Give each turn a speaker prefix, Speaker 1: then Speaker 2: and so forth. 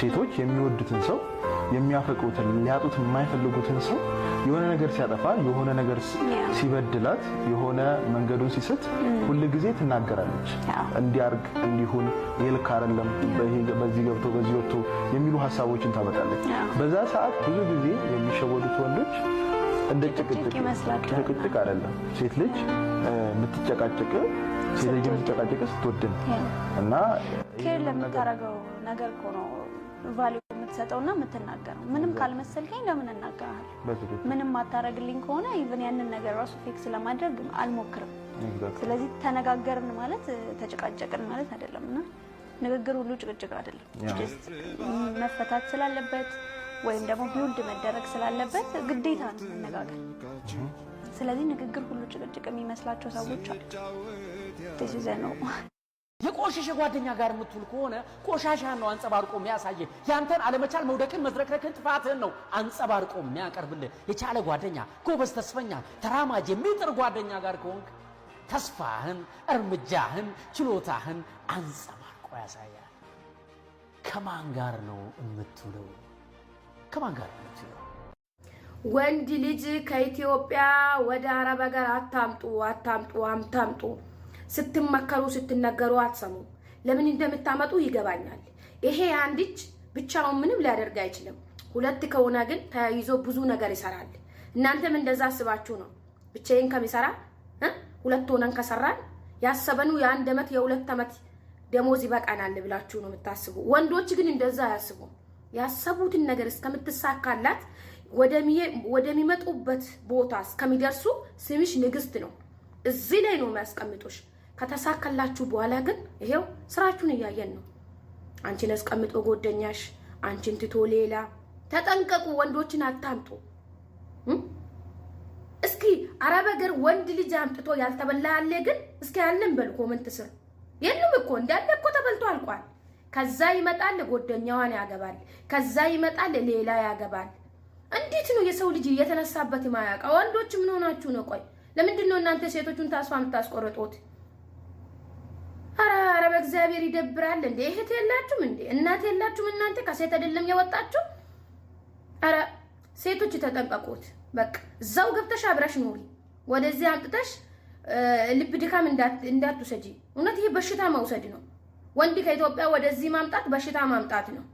Speaker 1: ሴቶች የሚወዱትን ሰው የሚያፈቅሩትን ሊያጡት የማይፈልጉትን ሰው የሆነ ነገር ሲያጠፋ የሆነ ነገር ሲበድላት የሆነ መንገዱን ሲስት ሁል ጊዜ ትናገራለች። እንዲያርግ እንዲሁን የልክ አይደለም፣ በዚህ ገብቶ በዚህ ወጥቶ የሚሉ ሀሳቦችን ታመጣለች። በዛ ሰዓት ብዙ ጊዜ የሚሸወዱት ወንዶች እንደ ጭቅጭቅ ይመስላል። ጭቅጭቅ አይደለም። ሴት ልጅ የምትጨቃጨቅ ሴት ልጅ የምትጨቃጨቅ ስትወድን እና
Speaker 2: ኬር ለምታረገው ነገር እኮ ነው ቫልዩ የምትሰጠውና የምትናገረው። ምንም ካልመሰልከኝ ለምን እናገራለሁ? ምንም ማታረግልኝ ከሆነ ኢቭን ያንን ነገር ራሱ ፊክስ ለማድረግ አልሞክርም። ስለዚህ ተነጋገርን ማለት ተጨቃጨቅን ማለት አይደለም እና ንግግር ሁሉ ጭቅጭቅ አይደለም። መፈታት ስላለበት ወይም ደግሞ ቢውልድ መደረግ ስላለበት ግዴታ ነው መነጋገር። ስለዚህ ንግግር ሁሉ ጭቅጭቅ የሚመስላቸው ሰዎች አሉ። ነው
Speaker 3: የቆሸሸ ጓደኛ ጋር የምትውል ከሆነ ቆሻሻን ነው አንጸባርቆ የሚያሳየ። ያንተን አለመቻል፣ መውደቅን፣ መዝረክረክን፣ ጥፋትህን ነው አንጸባርቆ የሚያቀርብልህ። የቻለ ጓደኛ፣ ጎበዝ ተስፈኛ፣ ተራማጅ፣ የሚጥር ጓደኛ ጋር ከሆንክ ተስፋህን፣ እርምጃህን፣ ችሎታህን አንጸባርቆ ያሳያል። ከማን ጋር ነው የምትውለው? ከማን ጋር
Speaker 4: ወንድ ልጅ ከኢትዮጵያ ወደ አረብ ሀገር አታምጡ አታምጡ አታምጡ። ስትመከሩ ስትነገሩ አትሰሙ። ለምን እንደምታመጡ ይገባኛል። ይሄ አንድ እጅ ብቻውን ምንም ሊያደርግ አይችልም። ሁለት ከሆነ ግን ተያይዞ ብዙ ነገር ይሰራል። እናንተም እንደዛ አስባችሁ ነው። ብቻዬን ከሚሰራ ሁለት ሆነን ከሰራን ያሰበኑ የአንድ ዓመት የሁለት ዓመት ደሞዝ ይበቃናል ብላችሁ ነው የምታስቡ። ወንዶች ግን እንደዛ አያስቡም። ያሰቡትን ነገር እስከምትሳካላት ወደሚመጡበት ቦታ እስከሚደርሱ ስምሽ ንግስት ነው። እዚህ ላይ ነው የሚያስቀምጡሽ። ከተሳካላችሁ በኋላ ግን ይሄው ስራችሁን እያየን ነው። አንቺን አስቀምጦ ጎደኛሽ፣ አንቺን ትቶ ሌላ። ተጠንቀቁ፣ ወንዶችን አታምጡ። እስኪ አረብ ሀገር ወንድ ልጅ አምጥቶ ያልተበላ ያለ ግን እስኪ ያለን በል ኮመንት ስር የሉም እኮ እንዳለ እኮ ተበልቶ አልቋል። ከዛ ይመጣል ጎደኛዋን ያገባል። ከዛ ይመጣል ሌላ ያገባል። እንዴት ነው የሰው ልጅ የተነሳበት ማያውቃ? ወንዶች ምን ሆናችሁ ነው? ቆይ ለምንድን ነው እናንተ ሴቶቹን ተስፋ የምታስቆርጡት? ኧረ ኧረ በእግዚአብሔር ይደብራል። እንዴ እህት የላችሁም እንዴ እናት የላችሁም እናንተ? ከሴት አይደለም የወጣችሁ? ኧረ ሴቶች ተጠንቀቁት። በቃ እዛው ገብተሽ አብረሽ ኑሪ። ወደዚህ አምጥተሽ ልብ ድካም እንዳትሰጂ። እውነት ይሄ በሽታ መውሰድ ነው። ወንድ ከኢትዮጵያ ወደዚህ ማምጣት በሽታ ማምጣት ነው።